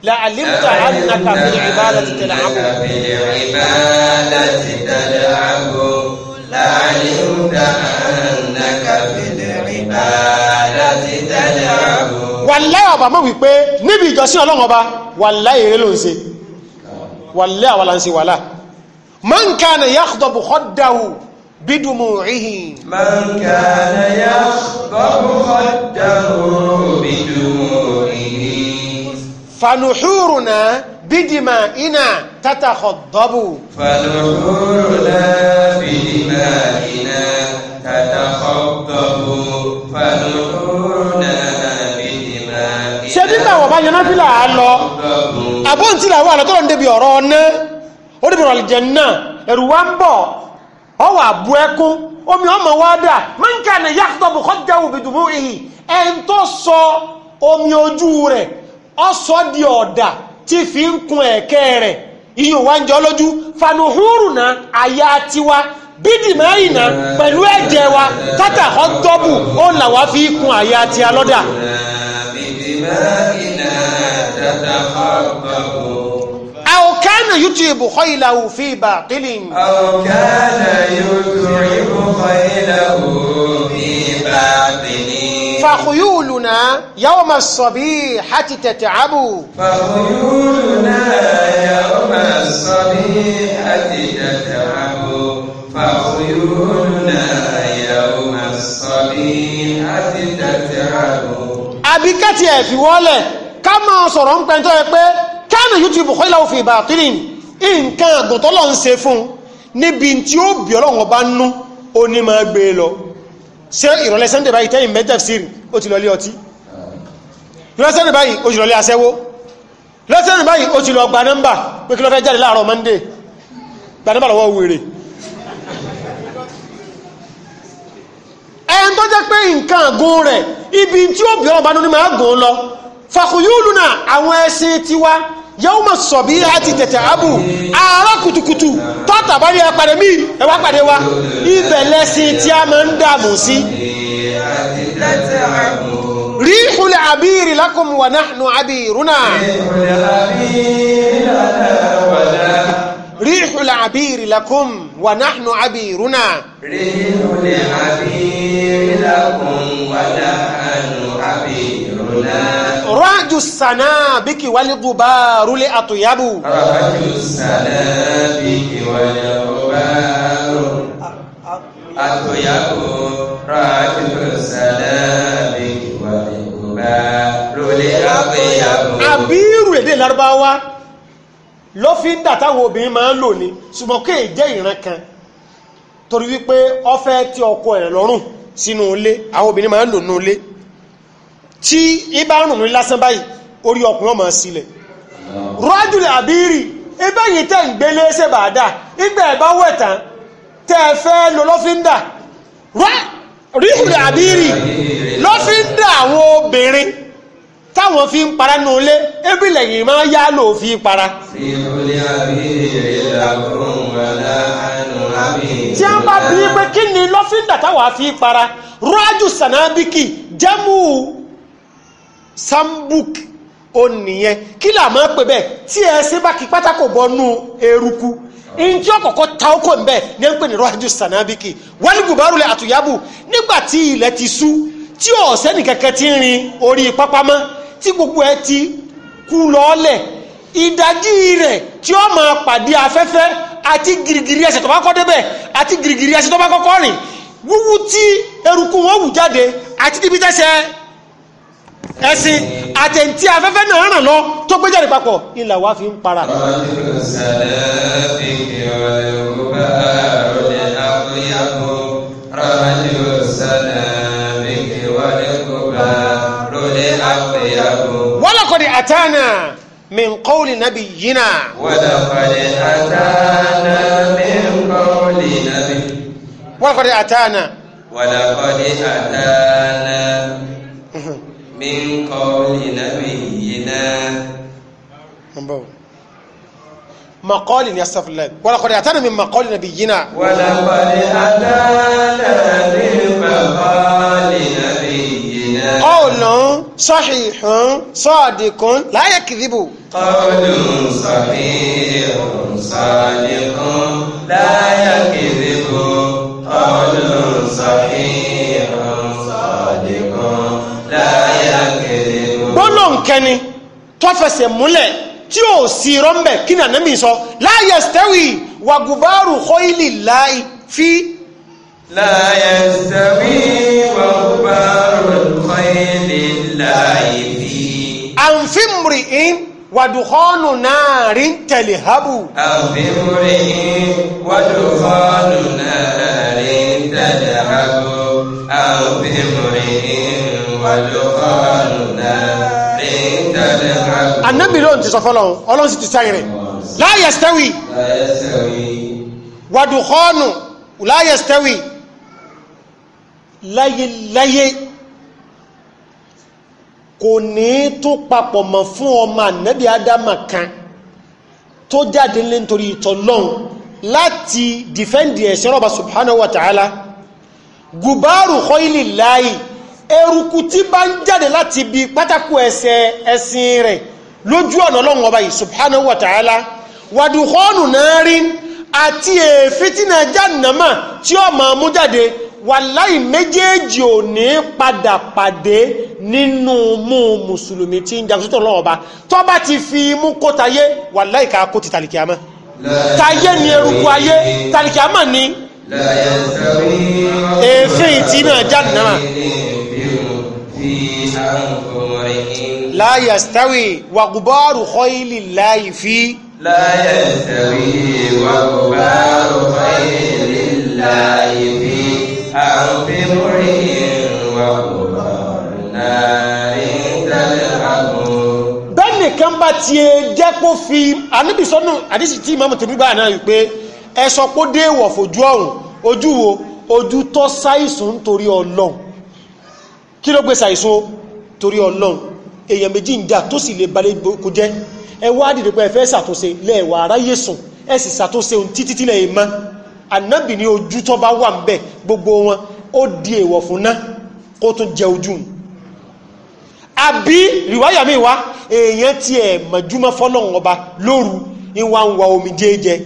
la alimta annaka bil ibadati tal'abu láàrin dáhànàkà fìlẹ̀ rìbá láti tẹ́lẹ̀ ààbò. wàlẹ́ ọ̀bà mọ̀ wípé níbi ìjọsìn ọlọ́run ọba wàlẹ́ èrè ló ń ṣe wàlẹ́ àwa la ń ṣe wàlá man kana yakhdabu khaddahu بدموعه من كان يخضب خده بدموعه فنحورنا بدمائنا تتخضبوا فالعبور لا في دمائنا تتخضبوا فالعبور لا ṣe nígbà wọ̀n bá yaná fílà á lọ àbóǹtí làwọn àlọ́ tọ́rọ̀ ń débi ọ̀rọ̀ ọ̀nà ó débi ọ̀rọ̀ àlùjánnà ẹ̀rù wa ń bọ̀ ọwọ́ àbú ẹkún omi ọmọ wa dà máa ń kà ní yàtọ̀ bù kọjá òbí dùnmú ìhì ẹ̀ ń tó sọ omi ojú rẹ̀ ọ̀sọ́ di ọ̀dà tí fi ń kun ẹ̀kẹ́ rẹ̀ iyùn wá ń jọ lójú fanuhuru na àyà tiwa bídìmáì pẹ̀lú ẹ̀jẹ̀ wa tata ọ̀dọ́bù ó là wá fi kun àyà ti alọ́dà. أو كان يجيب خيله في باطل أو كان يجيب خيله في باطل فخيولنا يوم الصبيحة تتعب فخيولنا يوم الصبيحة تتعب فخيولنا يوم الصبيحة تتعب àbí kẹ́tì ẹ̀ fi wọ́lẹ̀ ká máa sọ̀rọ̀ ń pẹ́ntọ́ ẹ pé kánà youtube kọ́ ìlàwọ̀ fi bàtírì nǹkan àgùntọ́lọ́ ń ṣe fún níbi tí ó bí ọlọ́run ọba nú ó ní máa gbé e lọ ṣe ìrọ̀lẹ́ sunday báyìí tẹ́yìn mẹ́tẹ̀f sí ó ti lọ lé ọtí lọ́sẹ̀rẹ̀ báyìí ó ti lọ lé aṣẹ́wó lọ́sẹ̀rẹ̀ báyìí ó ti lọ gba nọ́mbà pé kí ló fẹ́ jáde láàárọ̀ monday gba nọ́mbà lọ́wọ́ wèrè ẹn tó jẹ́ pé nǹkan àgún rẹ̀ ibi tí ó bí ọba ní máa gùn lọ fàkùyúlù náà àwọn ẹṣin tiwa yóò mọ̀ sọ̀bí àti tẹ̀tẹ̀ àbù àárọ̀ kùtùkùtù tọ́tà bá ní apàdé mí ẹ wá pàdé wa ibẹ̀ lẹ́sìn tí a máa ń dààmú sí. rí ìhùlẹ̀ àbírí lakum wa nahnu àbírúnà. rí ìhùlẹ̀ àbírí lakum wa nahnu àbírúnà. rí ìhùlẹ̀ àbírí lakum rájú sànà bí kì wálé gùbá rúlé àtòyábù. rájú sànà bí kì wálé gùbá rúlé àtòyábù. rájú sànà bí kì wálé gùbá rúlé àtòyábù. àbírù èdè lárúbáwá ló fi ń dàtàwọn obìnrin máa ń lò ní ṣùgbọ́n kéè ìran kan torí wípé ó fẹ́ tí ọkọ ẹ̀ lọ́rùn sínú ilé àwọn obìnrin máa ń lò nínú ilé tí ibá rùn ní lásán báyìí orí ọkùnrin ọmọ sílẹ̀ rọ́jùlẹ̀ àbírì ibẹ̀ yìí tẹ́ ń gbélé ṣe bàdà ìgbà ẹ̀bá wẹ̀tàn tẹ́ ẹ fẹ́ lo lọ́fíńdà ríhùlẹ̀ àbírì lọ́fíńdà àwọn obìnrin táwọn fi ń para nù lé ebí lẹ́yìn máa yá lò fi para. tí a bá bí pé kí ni lọ́fíńdà táwa fi para rọ́jù sànábìkì jẹ́mú sambuk ó nìyẹn kí là máa pè bẹ́ẹ̀ tí ẹ ṣe bá kí pátákó bọnú eruku njẹ́ ọ̀kọ̀ọ̀kọ̀ ta ọkọ̀ ń bẹ̀ ní ẹ̀ ń pè ní rọ́hájú sànábìkì wálé bubarulẹ̀ àtúnyábù nígbà tí ilẹ̀ ti sú tí ọ̀sẹ́nì kẹ̀kẹ́ ti ń rin orí pápá mọ́ tí gbogbo ẹ ti kú lọ́ọ́lẹ̀ ìdajì rẹ̀ tí ó máa pàdé afẹ́fẹ́ àti gìrìgìrì ẹsẹ̀ tó bá kọ́ débẹ̀ àti gìrìgìrì ẹsẹ̀ tó bá kọ́kọ́ rìn wúwú tí eruku wọn wù jáde àti níbi tẹ́sẹ̀ ẹ̀sìn àtẹ̀ntí afẹ́fẹ́ náà ràn lọ tó gbé jáde papọ̀ ilà wa fi ń para. wọ́lọ́kọ̀dé àtànà min qawli nabiyyina. wọ́lọ́kọ̀dé àtànà min qawli nabiyyina. wọ́lọ́kọ̀dé àtànà. wọ́lọ́kọ̀dé àtànà. من قول نبينا مقال يصف الله ولقد أتانا من مقال نبينا ولقد أتانا من مقال نبينا قول صحيح صادق لا يكذب قول صحيح صادق لا يكذب قول صحيح صادق لا gbólóhùn kẹni tọ́fẹsẹ̀ múlẹ̀ tí ó sì rọ́mbẹ̀ kí ni ànábì sọ la yastawi wàgùbárù kọ́ìlì láì fi. la yastawi wàgùbárù kọ́ìlì láì fi. àǹfìmùrì in wàdùkọ́nù náà rí ń tẹ̀lé hábù. àbíwúrí wàdùkọ́nù náà rí ń tẹ̀lé hábù. àbíwúrí wàdùkọ́nù náà rí ń tẹ̀lé hábù. anábì ló ń ti sọ fọlọ́run ọlọ́run sì ti sáyìn rẹ̀ wàdùkọ́nù láyẹ̀ stẹ́wì. láyé kò ní tún papọ̀ mọ́ fún ọmọ ànábì ádámà kan tó jáde lé nítorí ìtọ́lọ́hun láti dìfẹ́ǹdì ẹ̀ṣẹ́ rọ̀bà subhanahu wa ta'ala gubaru khoili láàyè eruku tí bá ń jáde láti bi pátákó ẹsẹ̀ ẹ̀sìn rẹ̀ lójú ọ̀nà ọlọ́run ọba wa ta'ala wàdùkọ́nù náà rí àti èéfín tí nàìjà nàmà tí ó wàláì méjèèjì ò ní padà pàdé nínú mú mùsùlùmí tí ń jagunṣẹ́tọ̀ lọ́wọ́ bá tọ́ bá ti fi mú kó tayé wàláì ká kó ti tàlìkì àmọ́ tayé ni eruku ayé tàlìkì àmọ́ ni èéfín tí náà jáde náà láyà stáwì wàgùbọ́ọ̀rù kọ́ìlì láì fi láyà stáwì wàgùbọ́ọ̀rù kọ́ìlì bẹ́nìkan bá ti jẹ́ kó fi àníbìsọ́nù àdísì tí ìmọ̀mù tèmi gbà náà wípé ẹ̀sọ́ kó dé wọ̀ fojú ọ̀hún ojú wo ojú tọ́ sáìsùn torí ọlọ́run kí ló gbé sáìsùn torí ọlọ́run èèyàn méjì ń jà tó sì lè balẹ̀ kó jẹ́ ẹ wá dìde pé ẹ fẹ́ ṣàtúnṣe lẹ́ẹ̀wà aráyé sùn ẹ sì ṣàtúnṣe ohun títí mọ́ ànábì ní ojú tó bá wà ń bẹ gbogbo wọn ó di èèwọ̀ fún ná kó tún jẹ ojú àbí rìwáyà mi wá èèyàn ti ẹ̀ mọ̀júmọ́ fọ́lọ́run ọba lóru ìwà ń wa omi jẹ́ẹ́jẹ́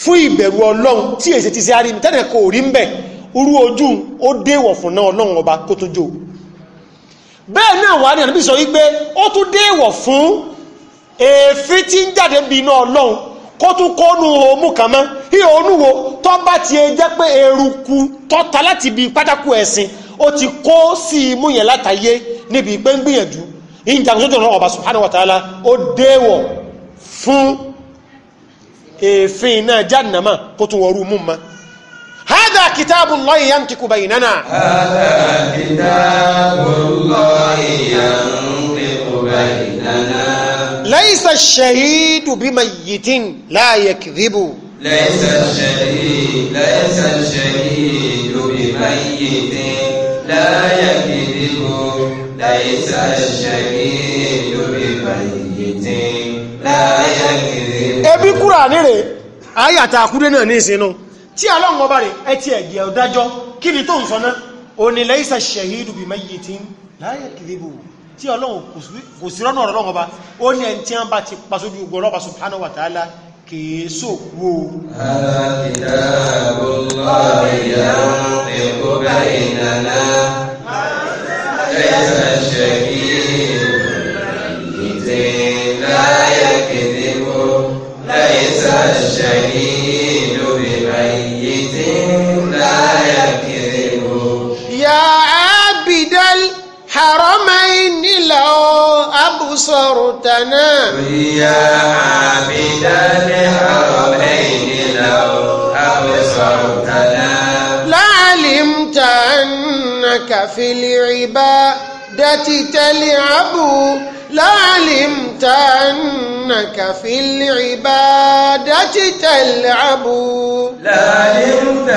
fún ìbẹ̀rù ọlọ́run tí èsì ti ṣe àrí tẹ́lẹ̀ kò rí ń bẹ̀ orú ojú ó déwọ̀ fún náà ọlọ́run ọba kó tó jò bẹ́ẹ̀ náà wà ní ànábì sọ wípé ó tún déwọ̀ fún èéfín tí ń jáde bí iná ọlọ́run kó tún kónú òmù kan mọ́ ihò onúwo tó bá ti jẹ́ pé eruku tọ́ta láti bi pátákó ẹ̀sìn ó ti kó sí imú yẹn látàyé níbi gbìyànjú ìjànsójú ọba subhanahu wa ta'ala ó déwọ̀ fún èéfín náà kó tún wọrú mú ليس الشهيد بميت لا يكذب ليس الشهيد ليس الشهيد بميت لا يكذب ليس الشهيد بميت لا يكذب ebi Kùránì rèé àyà tá a kúrò náà ní ìsinú tí Ọlọ́run ọba rẹ̀ ẹ ti ẹ̀gẹ̀ ọ̀dájọ́ kí ni tó ليس الشهيد بميت لا يكذب tí ọlọ́run kò sí rọ́nà ọ̀rọ̀ ọba ó ní ẹni tí wọ́n bá ti pa sójú gbogbo ọlọ́ba subhanahu wa ta'ala kìí sòkú o. Ṣẹ̀yìn lórí báyìí tí أبصرتنا يا عابد الحرمين لو أبصرتنا لعلمت أنك في العبادة تلعب لعلمت أنك في العبادة تلعب لعلمت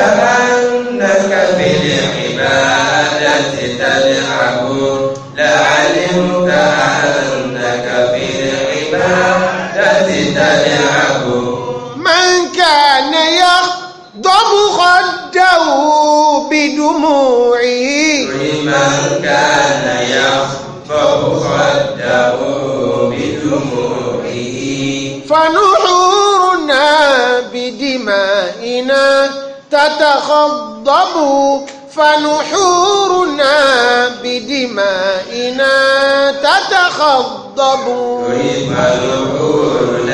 أنك في العبادة تلعب لعلمت أنك في من كان يخضم خده بدموعه من كان يخضم خده بدموعه فنحورنا بدمائنا تتخضب فنحورنا بدمائنا غضبوا ويفرحون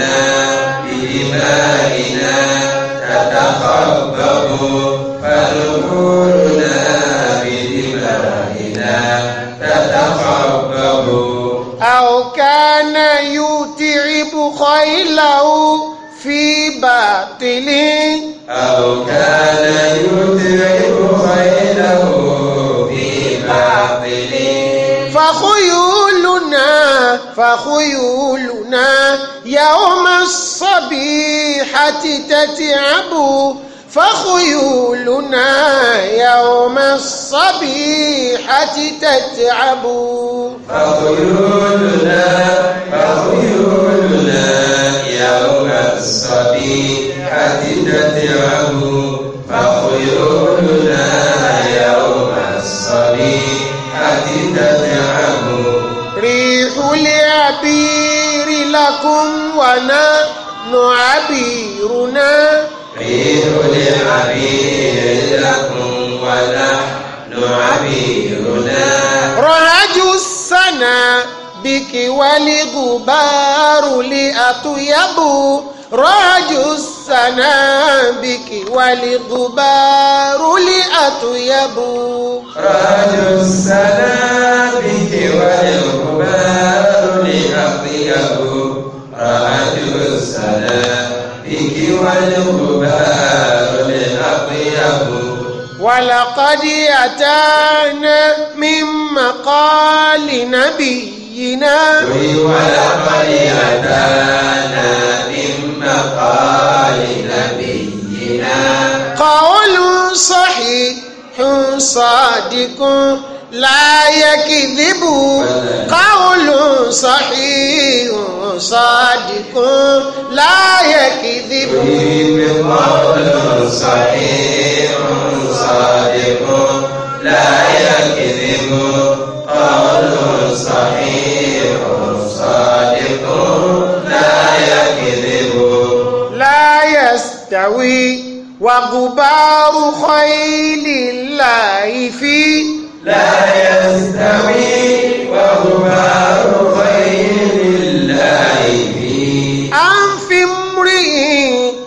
بدمائنا تتخبب فرحونا بدمائنا تتخبب أو كان يتعب خيله في باطله أو كان يتعب فخيولنا يوم الصبيحة تتعب فخيولنا يوم الصبيحة تتعب فخيولنا فخيولنا يوم الصبيحة تتعب فخيولنا يوم الصبيحة تتعب ريح العبير لكم ونحن عبيرنا عير العبير لكم ونحن عبيرنا رهج السنا بك والغبار لأطيب رهج السنابك والغبار لأطيب رهج السنابك والغبار ولقد أتانا من مقال نبينا ولقد أتانا من مقال نبينا قول صحيح صادق láyé kìdìbù káwùlù sọ́hí sọ́dìkún láyé kìdìbù. káwùlù sọ́hí sọ́dìkún láyé kìdìbù káwùlù sọ́hí sọ́dìkún láyé kìdìbù. láyé sítàwí wàgùbárù khayli láì fi.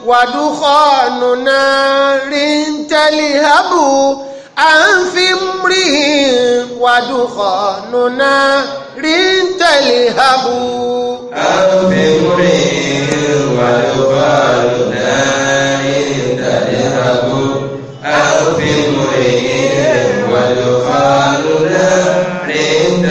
ودخان نار تلهب عن في امرئ ودخان نار تلهب عن في امرئ ودخان نار تلهب عن في ودخاننا عند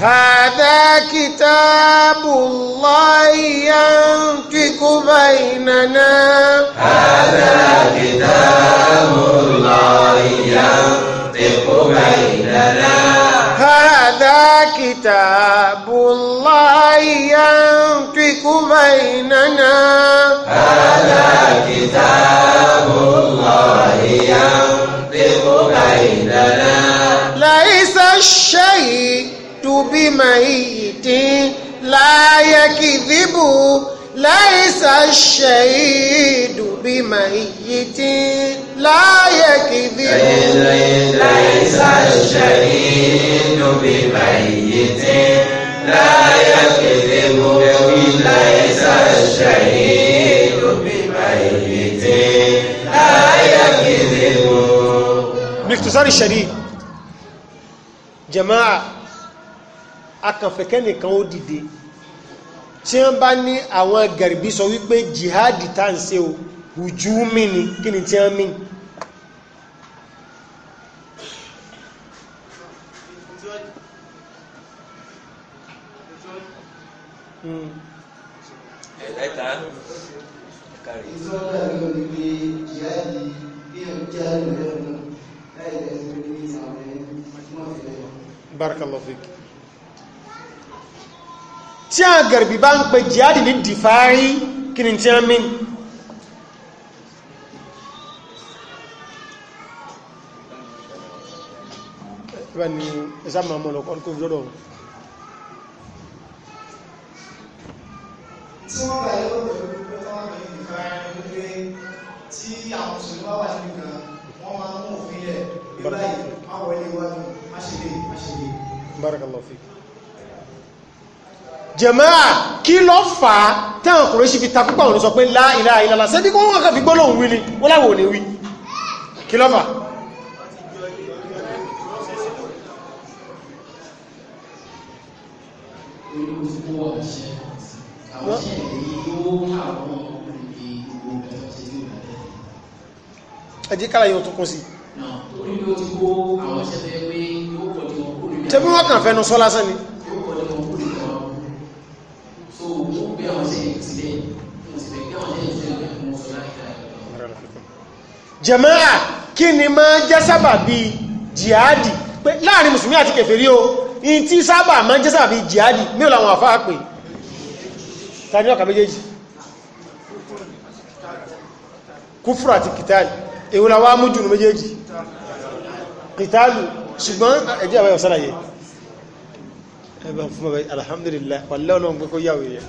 هذا كتاب الله ينطق بيننا هذا كتاب الله ينطق بيننا هذا كتاب الله ينطق بيننا هذا بميت لا يكذب ليس الشهيد بميت لا يكذب ليس الشهيد بميت لا يكذب ليس الشهيد بميت لا يكذب باختصار الشديد جماعة akànfẹ̀kẹ́ nìkan ó dìde tí wọ́n bá ní àwọn gẹ̀rìbí sọ wípé jihadi tá ń ṣe o ojú mi ni kí ni tí wọ́n mí hmm. barakallahu fiki tí a gẹ̀rẹ̀bì bá ń pe jihadi ní dìfáàrí kí ni tí a mí ẹgbẹ́ ni ẹsá ma mọ́ lọ́kọ́ tó rọ́rọ̀ tí wọ́n bá yóò rẹ̀ pé wọ́n ní ìfààrin wípé tí àwọn òṣèlú wá wà ní kan barakallahu fiki jẹ̀máà kí lọ fà á táwọn kùrẹ́ṣì fi ta púpà òní sọ pé la ilaha illallah ṣebí kó wọ́n kàn fi gbólóhùn wí ni wọ́n láwọn ò ní wí kí lọ fà á ẹjí kára yóò tún kún sí tẹ́bí wọ́n kàn fẹ́nu sọ lásán ni jẹ̀máà kí ni máa jẹ́ sábà bí jihadi pé láàrin mùsùlùmí àti kèfèrí o in tí sábà máa jẹ́ sábà bí jihadi mélòó làwọn àfáà pè tani ọkà méjèèjì kúfùrù àti kìtàlì èwo la wá mú jùlọ méjèèjì kìtàlù ṣùgbọ́n ẹjẹ́ àwẹ́ ọ̀sára yẹ alhamdulillah pàlẹ́ ọ̀nà gbẹ́kọ́ yàwó yẹ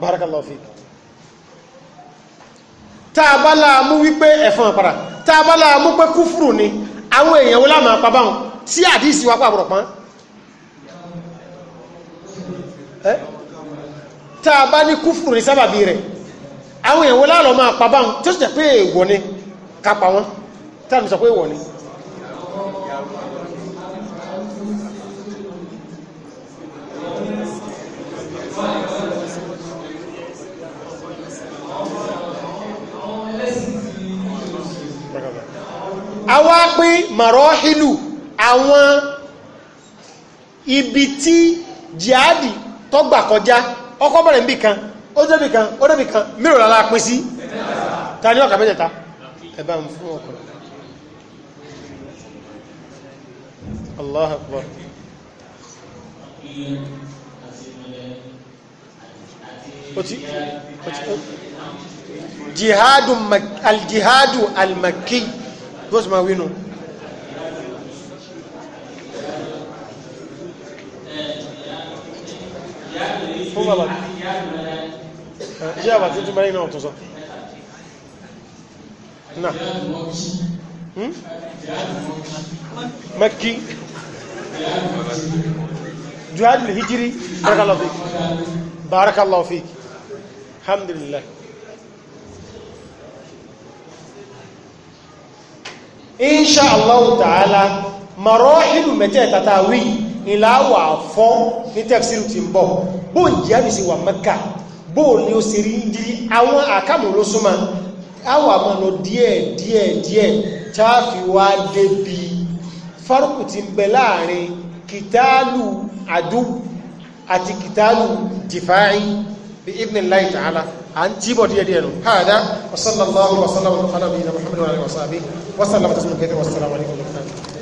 barakallahu fiki tààbálà mú wípé ẹ̀fọn àpàrà tààbálà mú pé kúfùrù ni àwọn èèyàn wọ́n láàmà pa báwọn tí àdísì wá pàbọ̀rọ̀ pán tààbá ní kúfùrù ní sábàbí rẹ̀ àwọn èèyàn wọ́n láàlọ́ máa pa báwọn tí ó sì jẹ́ pé èèwọ̀ ni kápa wọn tààbí sọ pé èèwọ̀ ni a wá pín mọ̀rọ́hìlù àwọn ibi tí jihadi tọ́gbà kọjá ọkọ̀ bẹ̀rẹ̀ níbì kan ó débì kan ó débì kan ta ní ẹ̀bá ń fún ọkọ̀ jihadu al-jihadu al was my winner? جهاد الهجري بارك الله فيك بارك الله فيك الحمد لله insha allahu ta'ala marohilu mẹ́tẹ̀ẹ̀ta ta wí ìlàwà fọ́ ní tẹ́fṣílù ti ń bọ̀ bó ń jẹ́ àbìsí wà mẹ́kà bó ní ó sì rí ń di àwọn àkàmù ló súnmọ́ àwà mọ́ lọ díẹ̀ díẹ̀ díẹ̀ tààfi wá débi fárúkù ti ń bẹ láàrin kìtàlù àdú àti kìtàlù dìfáì ibn Allah ta'ala أنتي بودي أدينو هذا وصلى الله وسلم الله على نبينا محمد وعلى آله وصحبه وسلم تسلم كثيرا والسلام عليكم ورحمة الله